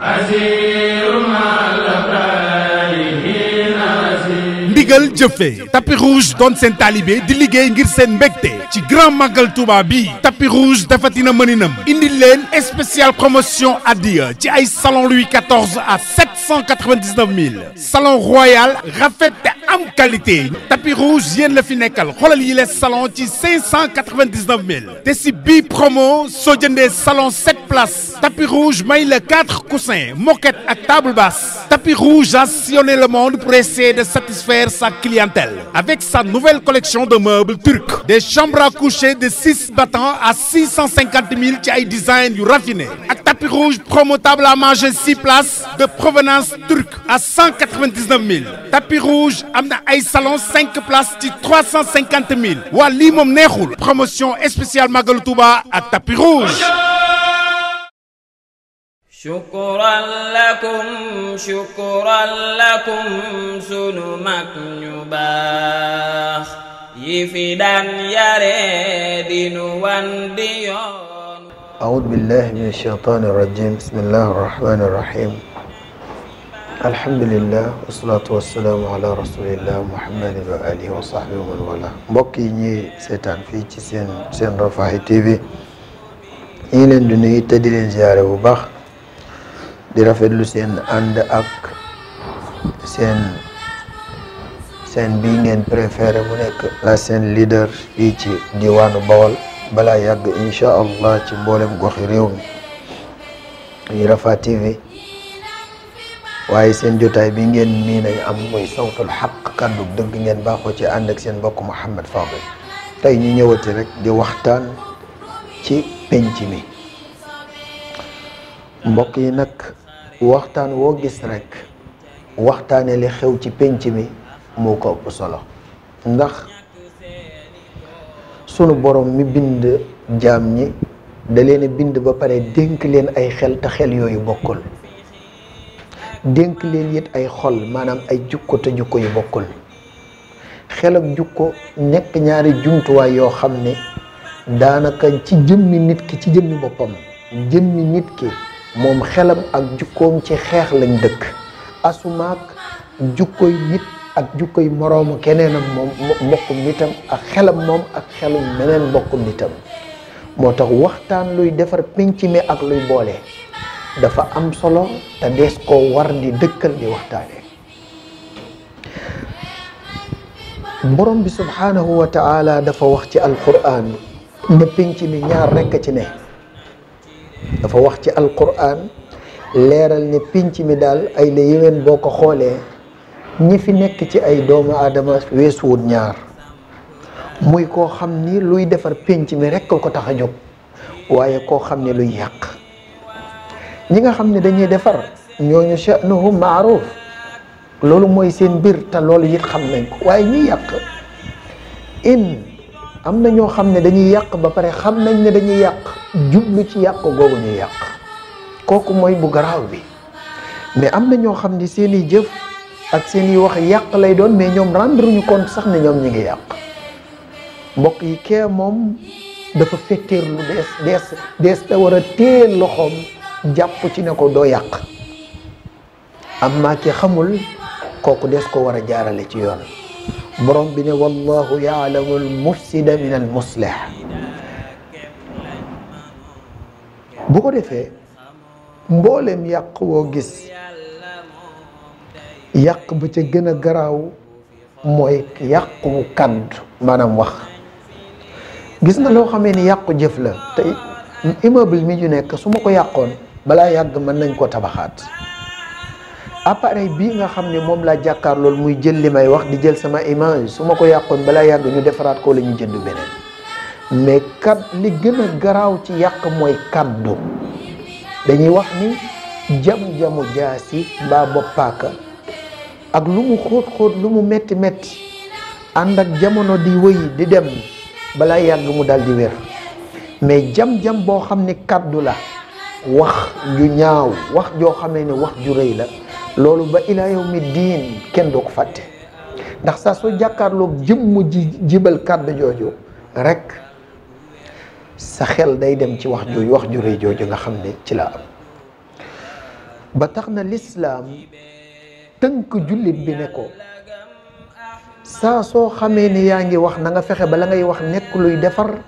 aziz ndigal jëfee tapis rouge doon seen taalibe di liggéey ngir seen mbégte ci grand màggal Touba bi tapis rouge dafatina mëninam indi leen spécial promotion ci ay salon à 799 000 salon royal rafet te am qualité tapis rouge yéen la fi nekkal xoolal yi les salon ci 599 000 te si bii promo soo jëndee salon 7 places tapis rouge may la 4 coussins moquette ak table basse tapis rouge a sillonné le monde pour essayer de satisfaire sa clientèle avec sa nouvelle collection de meubles turcs des chambres à coucher de six battants à six cent cinquante mille ci ay design yu raffiné ak tapis rouge promo table à manger six places de à cent quatre vingt dix neuf mille tapis rouge am na ay salon cinq places ci trois cent cinquante mille waa lii moom neexul promotion spéciale Magalu Touba ak tapis shukran lakum shukran lakum sunu mag ñu baax yi fi daan yare dinu wan di yoon أعوذ بالله من الشيطان الرجيم بسم الله الرحمن الرحيم alhamdulilah wasalaatu wasalaamu ala rasulillah muhammadin wa alihi wa sahbihi wa man wala mbokk yi ñuy seetaan fii ci seen seen Rafah TV ñu ngi leen di nuyu te di leen ziare bu baax di rafet lu seen ànd ak seen seen bii ngeen préféré mu nekk la seen leader yi ci diwaanu Bawol balaa yàgg incha allah ci mboolem goxi réew mi muy Rafah TV waaye seen jotaay bi ngeen mii nañ am muy sawtul xaq kàddu dëgg ngeen baaxoo ci ànd ak seen mbokk Mouhamed Fadel tey ñu ñëwati rek di waxtaan ci penc mi mbokk yi nag waxtaan woo gis rekk waxtaanee la xew ci pénc mi moo ko ëpp solo ndax sunu boroom mi bind jaam ñi da leen bind ba pare dénk leen ay xel te xel yooyu bokkul dénk leen yit ay xol maanaam ay jukko te jukko yu bokkul xel ak jukko nekk ñaari jumtuwaay yoo xam ne daanaka ci jëmmi nit ki ci jëmmi boppam jëmmi nit ki moom xelam ak jukkoom ci xeex lañ dëkk asumaak jukkoy nit ak jukkoy moroomu keneenam moom mbokkum nitam ak xelam moom ak xelum meneen mbokkum nitam moo tax waxtaan luy defar pinc mi ak luy boole dafa am solo te des koo war di dëkkal di waxtaane borom bi subhaanahu wa dafa wax ci alquran ne penc mi ñaar rekk ci ne dafa wax ci alquran leeral ne pinc mi daal ay la yéwén boo ko xoolee ñi fi nekk ci ay doomu aadama weesuwut ñaar muy koo xam ni luy defar pénc mi rekk ko tax a jóg waaye koo xam ne luy yàq ñi nga xam ne dañuy defar ñooñu sha'nuhum ma'ruf loolu mooy seen mbir te loolu yit xam nañ ko waaye ñuy yàq in am na ñoo xam ne dañuy yàq ba pare xam nañ ne dañuy yàq jublu ci yàq googu ñuy yàq kooku mooy bu garaaw bi mais am na ñoo xam ne seeni jëf ak seeni wax yàq lay doon mais ñoom rendre ñu compte sax ne ñoom ñu ngi yàq mbokk yi kee moom dafa fetteer lu dees dees dees te war a téye loxoom jàpp ci ne ko doo yàq am maa ki xamul kooku dees ko war a jaarale ci yoon borom bi ne wallahu yaalamu al mufsida min al muslih bu ko defee mboolem yàq woo gis yàq ba ca gën a garaaw mooy yàqu kàddu maanaam wax gis nga loo xamee ni yàqu jëf la te immeuble mi ñu nekk su ma ko yàqoon balaa yàgg mën nañ ko tabaxaat appareil bii nga xam ne moom laa jàkkaar lool muy jël li may wax di jël sama image su ma ko yàqoon balaa yàgg ñu defaraat ko la ñu jënd beneen mais kat li gën a garaaw ci yàq mooy kaddu dañuy wax ni jam-jamu jaasi mbaa bopp ak lu mu xóot xóot lu mu metti metti ànd ak jamono di wëy di dem balaa yàgg mu dal di wér mais jam-jam boo xam ne kaddu la wax ju ñaaw wax joo xamee ni wax ju rëy la loolu ba ilaa yawmi diin kenn doo ko fàtte ndax saa soo jàkkaarloog jëmm ji jibal kàdd jooju rek sa xel day dem ci wax wax ju rëy jooju nga xam ne ci la am ba tax na lislaam tënk jullit bi ne ko saa soo xamee ni yaa ngi wax na nga fexe ba la ngay wax nekk luy defar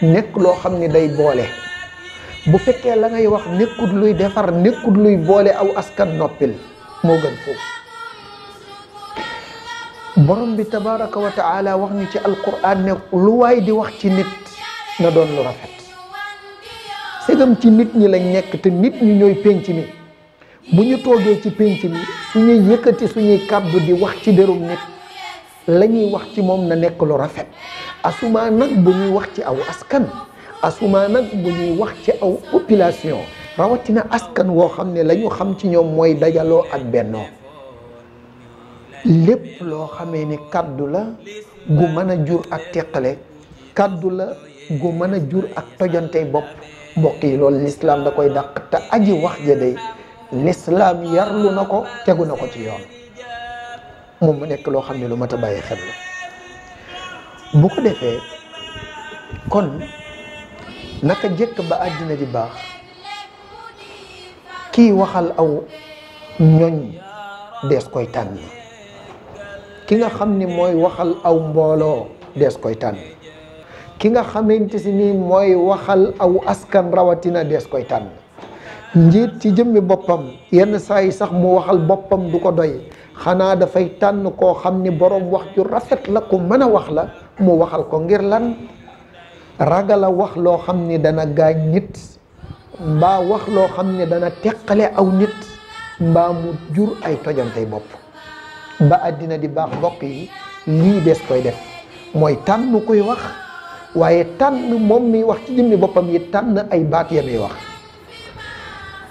nekk loo xam ni day boole bu fekkee la ngay wax nekkut luy defar nekkut luy boole aw askan noppil moo gën foofu borom bi tabaraka wa taala wax ñu ci alquran ne lu waay di wax ci nit na doon lu rafet segam ci nit ñi lañ nekk te nit ñi ñooy pénc mi bu ñu toogee ci pénc mi suñuy yëkkati suñuy kàddu di wax ci derum nit la ñuy wax ci moom na nekk lu rafet asuma nag bu ñuy wax ci aw askan asuma nag bu ñuy wax ci aw population rawatina askan woo xam ne la ñu xam ci ñoom mooy dajaloo ak bennoo lépp loo xamee ni kàddu la gu mën a jur ak teqale kàddu la gu mën a jur ak tojante bopp mbokk yi loolu lislaam da koy daq te aji wax ja day lislaam yarlu na ko tegu na ko ci yoon moom mu nekk loo xam ne lu mat a bàyyi xel la bu ko defee kon naka jëkk ba àddina di baax kii waxal aw ñoñ dees koy tànn ki nga xam ni mooy waxal aw mbooloo dees koy tànn ki nga xamante si ni mooy waxal aw askan rawatina dees koy tànn njiit ci jëmmi boppam yenn saa yi sax mu waxal boppam du ko doy xanaa dafay tànn koo xam ni boroom wax ju rafet la ku mën a wax la mu waxal ko ngir lan ragal a wax loo xam ni dana gaañ nit mbaa wax loo xam ni dana teqale aw nit mbaa mu jur ay tojantey bopp ba àddina di baax mbokk yi lii des koy def mooy tànn kuy wax waaye tànn moom mi wax ci jëmmi boppam yi tànn ay baat ya muy wax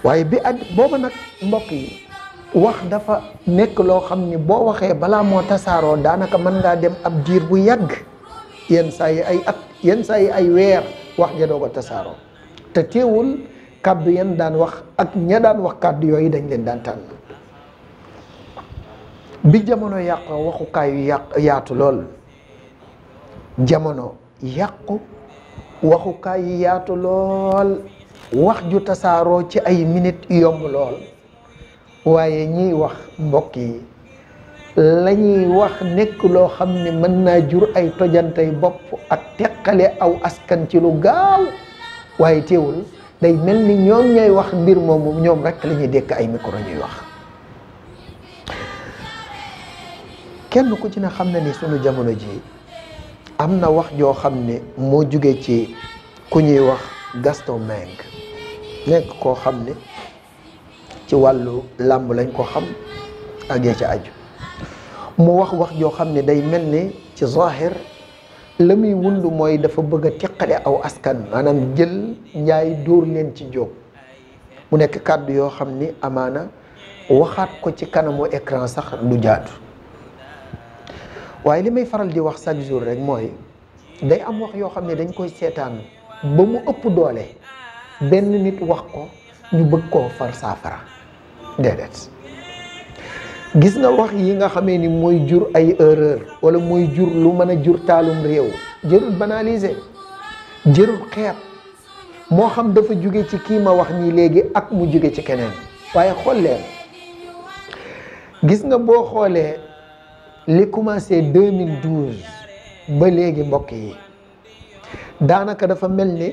waaye bi at booba nag mbokk yi wax dafa nekk loo xam ni boo waxee balaa moo tasaaroo daanaka mën ngaa dem ab diir bu yàgg yenn saa yi ay at yenn saa yi ay weer wax ja doog a tasaaroo te teewul kàddu yan daan wax ak ña daan wax kàddu yooyu dañ leen daan tànn bi jamono yàqoo waxukaay yu yàq yaatu lool jamono yàqu waxukaay yu yaatu lool wax ju tasaaroo ci ay minit yomb lool waaye ñiy wax mbokk yi lañuy wax nekk loo xam ne mën naa jur ay tojantay bopp ak teqale aw askan ci lu gaaw waaye teewul day mel ni ñoom ñooy wax mbir moomu ñoom rek lañuy ñuy dékk ay micro ñuy wax kenn ku ci ne xam na ni sunu jamono ji am na wax joo xam ne moo jóge ci ku ñuy wax gasto Mbengue nekk koo xam ne ci wàllu làmb lañ koo xam ak ya ca aju mu wax wax joo xam ne day mel ni ci zahir la muy wund mooy dafa bëgg a teqale aw askan maanaam jël njaay dóor leen ci jóg mu nekk kàddu yoo xam ni amaana waxaat ko ci kanamu écran sax du jaatu waaye li may faral di wax chaque jour rek mooy day am wax yoo xam ne dañ koy seetaan ba mu ëpp doole benn nit wax ko ñu bëgg koo far saafara déedéet gis nga wax yi nga xamee ni mooy jur ay erreur wala muy jur lu mën a jur taalum réew jërul banalise jërul xeet moo xam dafa jóge ci kii ma wax nii léegi ak mu jóge ci keneen waaye xool gis nga boo xoolee li commencé 2012 ba léegi mbokk yi daanaka dafa mel ni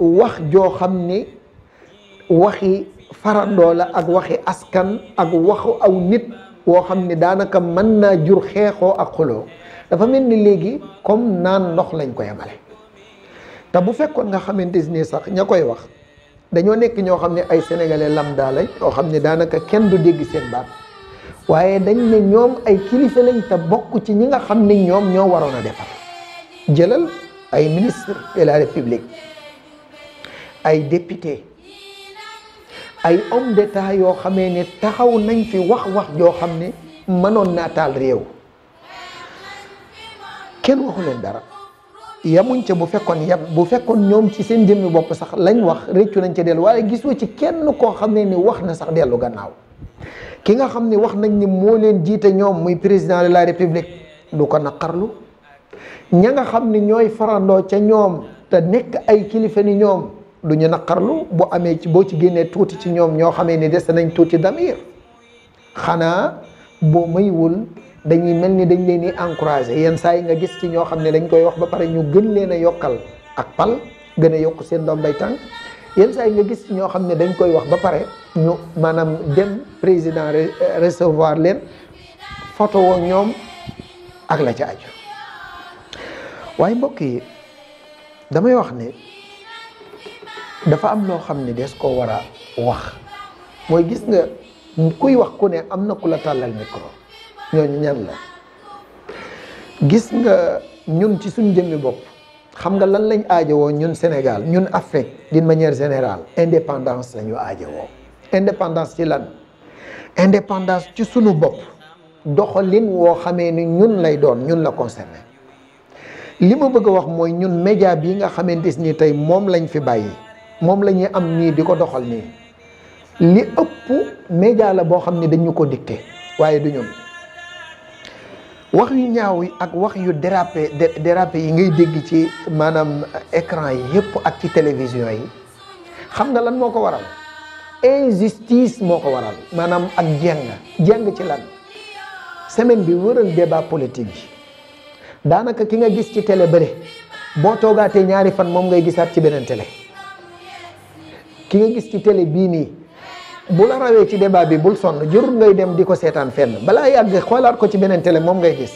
wax joo xam ni waxi farandoo la ak waxi askan ak waxu aw nit woo xam ni daanaka mën naa jur xeexoo ak xuloo dafa mel ni léegi comme naan ndox lañ koy amale te bu fekkoon nga xamante ni sax ña koy wax dañoo nekk ñoo xam ne ay sénégalais lambda lañ yoo xam ne daanaka kenn du dégg seen baat waaye dañ ne ñoom ay kilifa lañ te bokk ci ñi nga xam ne ñoom ñoo waroon a defar jëlal ay ministre de la république ay député ay homme d'état yoo xamee ne taxaw nañ fi wax wax joo xam ne mënoon naa taal réew kenn waxu leen dara yamuñ ca bu fekkoon yam bu fekkoon ñoom ci seen jëmmi bopp sax lañ wax réccu nañ ca dellu waaye gisoo ci kenn koo xam ne ni wax na sax dellu gannaaw ki nga xam ne wax nañ ni moo leen jiite ñoom muy président de la république du ko naqarlu ña nga xam ni ñooy farandoo ca ñoom te nekk ay kilifa ni ñoom du ñu naqarlu bu amee ci boo ci génnee tuuti ci ñoom ñoo xamee ni des nañ tuuti damir xanaa boo maywul dañuy mel ni dañ leen di encouragé yenn saa yi nga gis ci ñoo xam ne dañ koy wax ba pare ñu gën leen a yokkal ak pal gën a yokk seen doom bay tànk yenn saa yi nga gis ci ñoo xam ne dañ koy wax ba pare ñu maanaam dem président recevoir leen photo woo ñoom ak la ci aju waaye mbokk yi damay wax ne dafa am loo xam ni des koo war a wax mooy gis nga kuy wax ku ne am na ku la tàllal micro ñooñu ñan la gis nga ñun ci suñu jëmmi bopp xam nga lan lañ aajowoo ñun Sénégal ñun Afrique d'une manière générale indépendance la ñu aajowoo indépendance ci lan indépendance ci suñu bopp doxalin woo xamee ni ñun lay doon ñun la concerné li ma bëgg a wax mooy ñun média bii nga xamante ni tey moom lañ fi bàyyi moom la ñuy am nii di ko doxal nii li ëpp média la boo xam ne dañu ko dicté waaye du ñoom wax yu ñaaw yi ak wax yu dérapé dérapé yi ngay dégg ci maanaam écran yi yëpp ak ci télévision yi xam nga lan moo ko waral injustice moo ko waral maanaam ak jeng jeng ci lan semaine bi wëral débat politique bi daanaka ki nga gis ci télé bële boo toogaatee ñaari fan moom ngay gisaat ci beneen télé ki nga gis ci télé bii nii bu la rawee ci débat bi bul sonn jërul ngay dem di ko seetaan fenn balaa yàgg xoolaat ko ci beneen télé moom ngay gis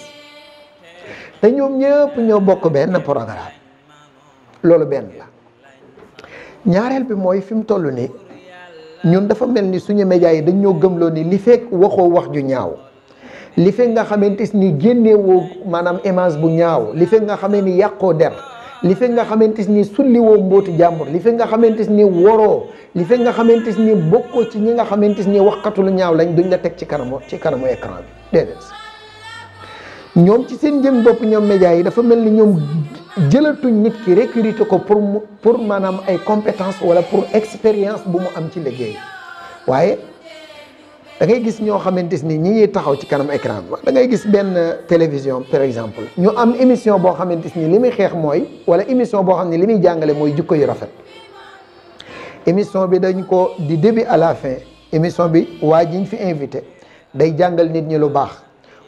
te ñoom ñëpp ñoo bokk benn programme loolu benn la ñaareel bi mooy fi mu toll nii ñun dafa mel ni suñu médias yi dañ ñoo gëmloo ni li fekk waxoo wax ju ñaaw li fekk nga xamante ni génnewoo maanaam image bu ñaaw li fekk nga xamee ni yàqoo der li fekk nga xamante ni sulliwoo mbootu jàmbur li fekk nga xamante ni woroo li fekk nga xamante ni bokkoo ci ñi nga xamante ni waxkatu lu ñaaw lañ duñ la teg ci kanamu ci kanamu écran bi déedéet ñoom ci seen jëm bopp ñoom médias yi dafa mel ni ñoom jëlatuñ nit ki recruter ko pour pour maanaam ay compétence wala pour expérience bu mu am ci liggéey waaye da ngay gis ñoo xamante ni ñi ñuy taxaw ci kanam écran bi da ngay gis benn télévision par exemple ñu am émission boo xamante ni li muy xeex mooy wala émission boo xam ne li muy jàngale mooy jikko yu rafet émission bi dañ ko di début à la fin émission bi waa jiñ fi invité day jàngal nit ñi lu baax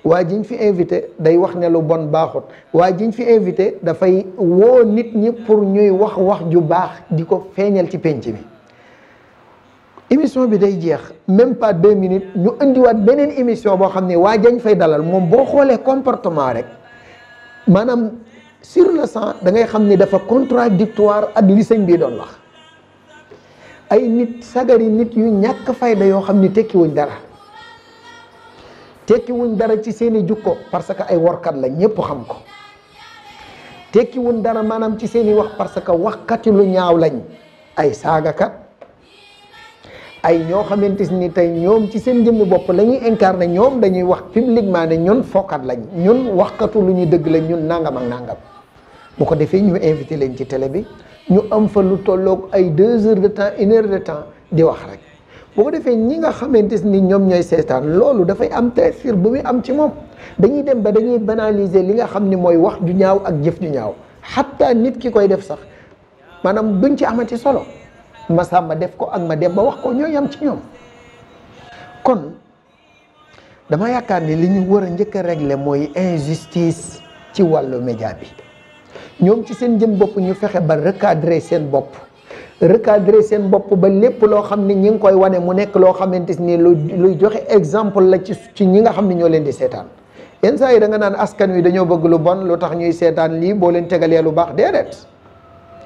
waa jiñ fi invité day wax ne lu bon baaxut waa jiñ fi invité dafay woo nit ñi pour ñuy wax wax ju baax di ko feeñal ci penc bi émission bi day jeex même pas deux minutes ñu indiwaat beneen émission boo xam ne waa jañ fay dalal moom boo xoolee comportement rek maanaam sur le sant da ngay xam ni dafa contradictoire ak li sëñ bii doon wax ay nit sagari nit yu ñàkk fayda yoo xam ni tekkiwuñ dara tekkiwuñ dara ci seeni jukko parce que ay workat lañ ñëpp xam ko tekkiwuñ dara maanaam ci seeni wax parce que wax waxkati lu ñaaw lañ ay saagakat ay ñoo xamante ni tey ñoom ci seen jëmmi bopp lañuy ñuy incarné ñoom dañuy wax publiquement ne ñun fokkat lañ ñun waxkatu lu ñuy dëgg lañ ñun nangam ak nangam bu ko defee ñu invité leen ci télé bi ñu am fa lu tollook ay deux heures de temps une heure de temps di wax rek boo ko defee ñi nga xamante ni ñoom ñooy seetaan loolu dafay am tafsir bu muy am ci moom dañuy dem ba dañuy banaliser li nga xam ni mooy wax ju ñaaw ak jëf ju ñaaw xatta nit ki koy def sax maanaam duñ ci amati solo ma sàmma def ko ak ma dem ba wax ko ñoo yam ci ñoom kon dama yaakaar ni li ñu war a njëkk a régler mooy injustice ci wàllu média bi ñoom ci seen jëm bopp ñu fexe ba recadrer seen bopp recadrer seen bopp ba lépp loo xam ni ñi ngi koy wane mu nekk loo xamante nii lu luy joxe exemple la ci ci ñi nga xam ne ñoo leen di seetaan yenn saa yi danga nga naan askan wi dañoo bëgg lu bon lu tax ñuy seetaan lii boo leen tegalee lu baax déedéet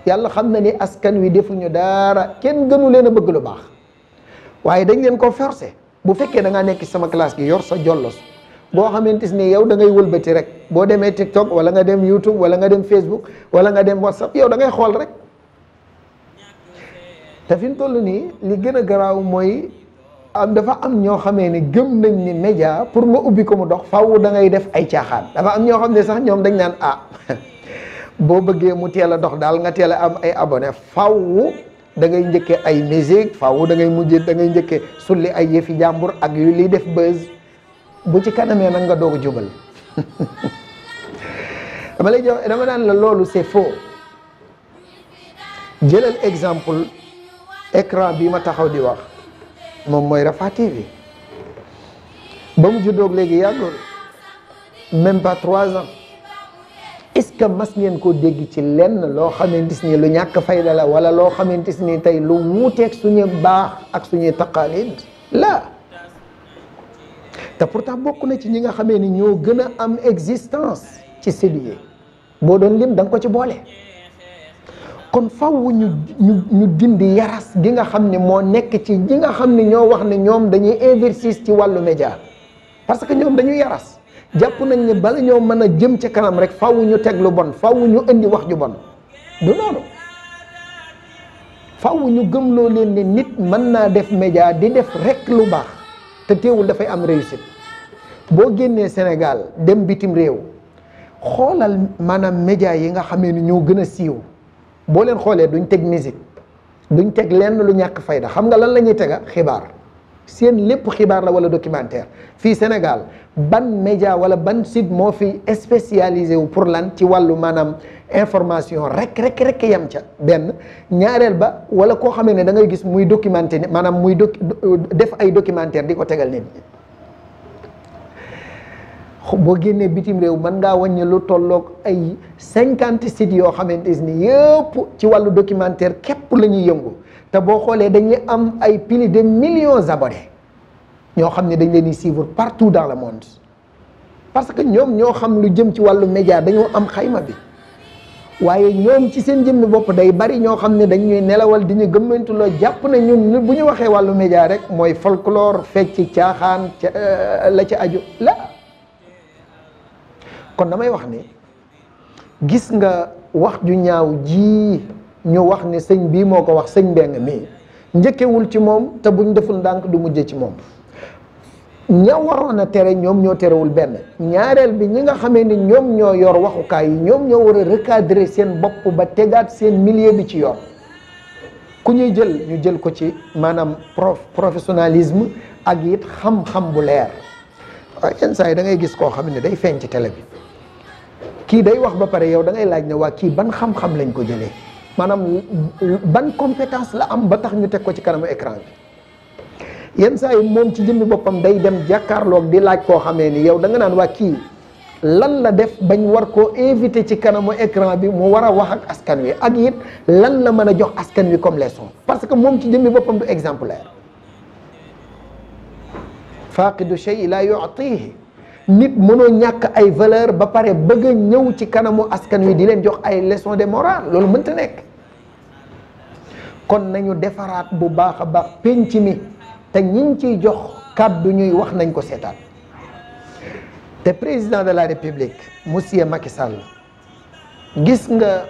yàlla xam na ni askan wi defuñu daara kenn gënu leen a bëgg lu baax waaye dañ leen ko forcer bu fekkee da ngaa nekk sama classe gi yor sa jollos boo xamante ni yow da ngay wëlbati rek boo demee TikTok wala nga dem YouTube wala nga dem Facebook wala nga dem WhatsApp yow dangay xool rek te fi mu toll nii li gën a garaaw mooy am dafa am ñoo xamee ne gëm nañ ni média pour nga ubbi ko mu dox faaw da ngay def ay caaxaan dafa am ñoo xam ne sax ñoom dañ naan ah. boo bëggee mu teel a dox daal nga teel a am ay abonné faww da ngay njëkkee ay musique faww da ngay mujjee da ngay njëkkee sulli ay yëfi jàmbur ak yu liy def buzz bu ci kanamee nag nga doog a jubal dama lay jox dama naan la loolu c'est faux jëlal exemple écran bi ma taxaw di wax moom mooy Rafah TV ba mu juddoog léegi yàggul même pas trois ans est-ce que mas ngeen koo dégg ci lenn loo xamantis ni lu ñàkk fayda la wala loo xamantis nii tey lu wuuteeg suñu baax ak suñuy taqaalid la te pourtant bokk na ci ñi nga xamee ni ñoo gën a am existence ci sëbiye boo doon lim da nga ko ci boole kon faww ñu ñu ñu dindi yaras gi nga xam ni moo nekk ci ñi nga xam ni ñoo wax ne ñoom dañuy investir ci wàllu média parce que ñoom dañuy yaras jàpp nañ ne bala ñoo mën a jëm ca kanam rek faw ñu teg lu bon faw ñu indi wax ju bon du noonu faw ñu gëmloo leen ne nit mën naa def média di def rekk lu baax te téewul dafay am réussite boo génnee Sénégal dem bitim réew xoolal maanaam média yi nga xamee ni ñoo gën a siiw boo leen xoolee duñ teg musique duñ teg lenn lu ñàkk fayda xam nga lan la ñuy tega xibaar seen lépp xibaar la wala documentaire fii Sénégal ban média wala ban site moo fi spécialisé wu pour lan ci wàllu maanaam information rek rek rek yam ca benn ñaareel ba wala koo xamee ne da ngay gis muy documenté maanaam muy doc def ay documentaire di ko tegal nit ñi boo génnee bitim réew man ngaa wàññi lu tolloog ay cinquante sites yoo xamante ni yëpp ci wàllu documentaire képp la ñuy yëngu. te boo xoolee dañuy am ay plus de million abonnés ñoo xam ne dañ leen di suivre partout dans le monde parce que ñoom ñoo xam lu jëm ci wàllu média dañoo am xayma bi waaye ñoom ci seen jëmmi bopp day bari ñoo xam ne dañuy nelawal di ñu gëmmantuloo jàpp na ñun bu ñu waxee wàllu média rek mooy folklore fecc caaxaan euh, la ci aju la kon damay wax ni gis nga wax ju ñaaw ji ñu wax ni sëñ bii moo ko wax sëñ Mbeng mii njëkkewul ci moom te buñ deful ndànk du mujje ci moom ña waroon a tere ñoom ñoo terewul benn ñaareel bi ñi nga xamee ni ñoom ñoo yor waxukaay yi ñoom ñoo war a recadrer seen bopp ba tegaat seen milieu bi ci yoon ku ñuy jël ñu jël ko ci maanaam prof professionnalisme ak it xam-xam bu leer yenn saa yi dangay gis koo xam ne day feeñ ci télé bi kii day wax ba pare yow da ngay laaj ne waa kii ban xam-xam lañ ko jëlee. maanaam ban compétence la am ba tax ñu teg ko ci kanamu écran bi yenn saa yi moom ci jëmmi boppam day dem jàkkaarloog di laaj koo xamee ni yow da nga naan waa kii lan la def bañ war koo invité ci kanamu écran bi mu war a wax ak askan wi ak it lan la mën a jox askan wi comme leçon parce que moom ci jëmmi boppam du exemplaire faaqidu shay la yu'tihi nit mënoo ñàkk ay valeur ba pare bëgg ñëw ci kanamu askan wi di leen jox ay leçons de morale loolu mënta nekk kon nañu defaraat bu baax a baax penc mi te ñiñ ciy jox kàddu ñuy wax nañ ko seetaat te président de la république monsieur Macky Sall gis nga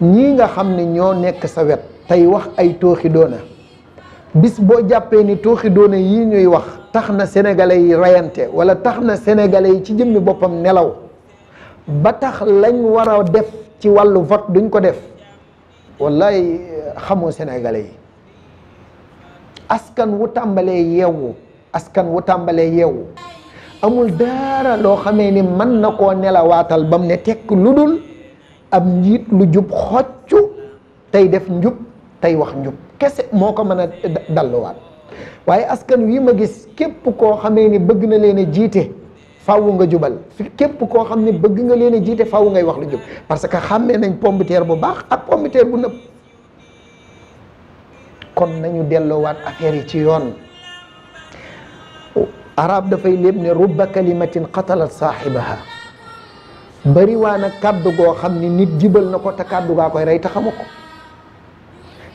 ñi nga xam ne ñoo nekk sa wet tey wax ay tooxi doona bis boo jàppee ni tooxi doona yi ñuy wax tax na sénégalais yi rayante wala tax na sénégalais yi ci jëmmi boppam nelaw ba tax lañ war a def ci wàllu vote duñ ko def wallaay xamoo sénégalais yi askan wu tàmbalee yeewu askan wu tàmbalee yeewu amul dara loo xamee ni mën na koo nelawaatal bam ne tekk lu dul ab njiit lu jub xoccu tey def njub tey wax njub kese moo ko mën a dalluwaat waaye askan wi ma gis képp koo xamee ni bëgg na leen a jiite faaw nga jubal képp koo xam ne bëgg nga leen jiite faaw ngay wax lu jub parce que xàmmee nañ pombiteer bu baax ak pombiteer bu nëb kon nañu delloowaat affaire yi ci yoon arab dafay léeb ne rubba kalimatin qatalat saaxibaha bari waa na kàddu goo xam ne nit jibal na ko ta kàddu gaa koy rey te xamu ko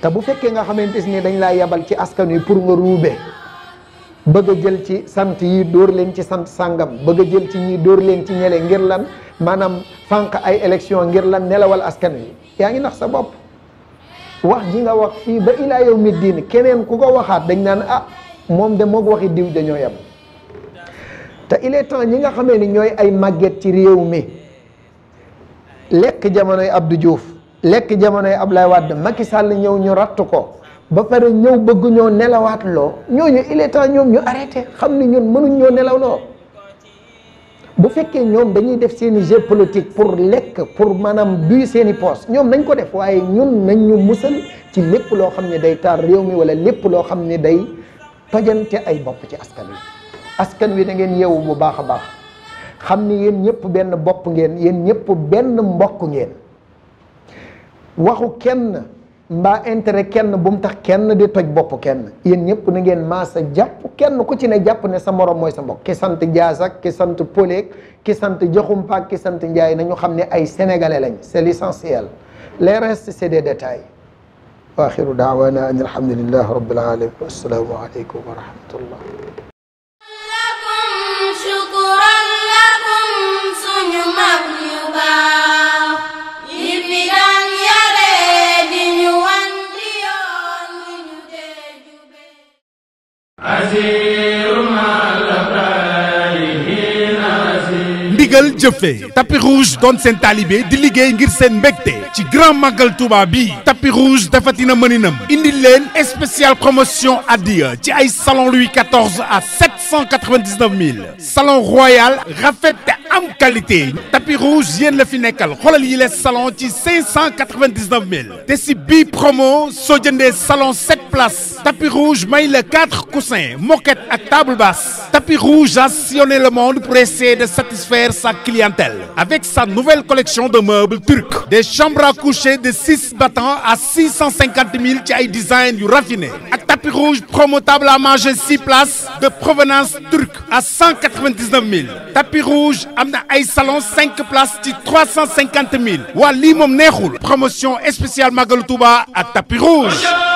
te bu fekkee nga xamante ni dañ laa yabal ci askan wi pour nga ruube bëgg a jël ci sant yi dóor leen ci sant sàngam bëgg a jël ci ñi dóor leen ci ñele ngir lan maanaam fànq ay élection ngir lan nelawal askan wi yaa ngi nax sa bopp wax ji nga wax fii ba ilaa yow mi diin keneen ku ko waxaat dañ naan ah moom de moog waxi diw dañoo yem te il ñi nga xamee ni ñooy ay màgget ci réew mi lekk jamonoy Abdou juuf lekk jamonoy Ablaye Wade Macky Sall ñëw ñu ratt ko ba pare ñëw bëgguñoo nelawaat loo ñooñu il est temps ñoom ñu arrêté xam ni ñun mënuñ ñoo nelaw loo bu fekkee ñoom dañuy def seeni i pour lekk pour maanaam duy seeni i ñoom nañ ko def waaye ñun nañ ñu musal ci lépp loo xam ne day taar réew mi wala lépp loo xam ne day tojante ay bopp ci askan wi askan wi da ngeen yeewu bu baax a baax xam ni yéen ñëpp benn bopp ngeen yéen ñëpp benn mbokk ngeen waxu kenn mbaa intérêt kenn bu mu tax kenn di toj bopp kenn yéen ñëpp na ngeen maasa jàpp kenn ku ci ne jàpp ne sa morom mooy sa mbokk ki sant Dias ak ki sant Poleek ki sant Diakhoumpa ak ki sant Ndiaye nañu xam ne ay sénégalais lañ c'est l'essentiel les restes c'est des détails waaxiru daawaana an alhamdulilah rabbil alamin wassalaamu aleykum wa rahmatullah ndigal jëfee tapis rouge doon seen taalibe di liggéey ngir seen mbégte ci grand màggal Touba bi tapis rouge dafatina mëninam indi leen spécial promotion addiya ci ay salon Louis XIV à 799 000 salon royal rafet am qualité tapis rouge yéen la fi nekkal xoolal yi les salon ci cinq cent quatre-vingt-dix-neuf mille te si bii promo soo jëndee salon sept places tapis rouge may la quatre coussins moquette ak table basse tapis rouge a sillonné le monde pour essayer de satisfaire sa clientèle avec sa nouvelle collection de meubles turcs des chambres à coucher de six battants à six cent cinquante mille ci ay design yu raffiné ak tapis rouge promo table à manger six places de provenance turque à cent quatre-vingt-dix-neuf mille tapis rouge am na ay salon cinq places ci trois cent cinquante mille waa lii moom neexul promotion spéciale Magalu Touba ak rouge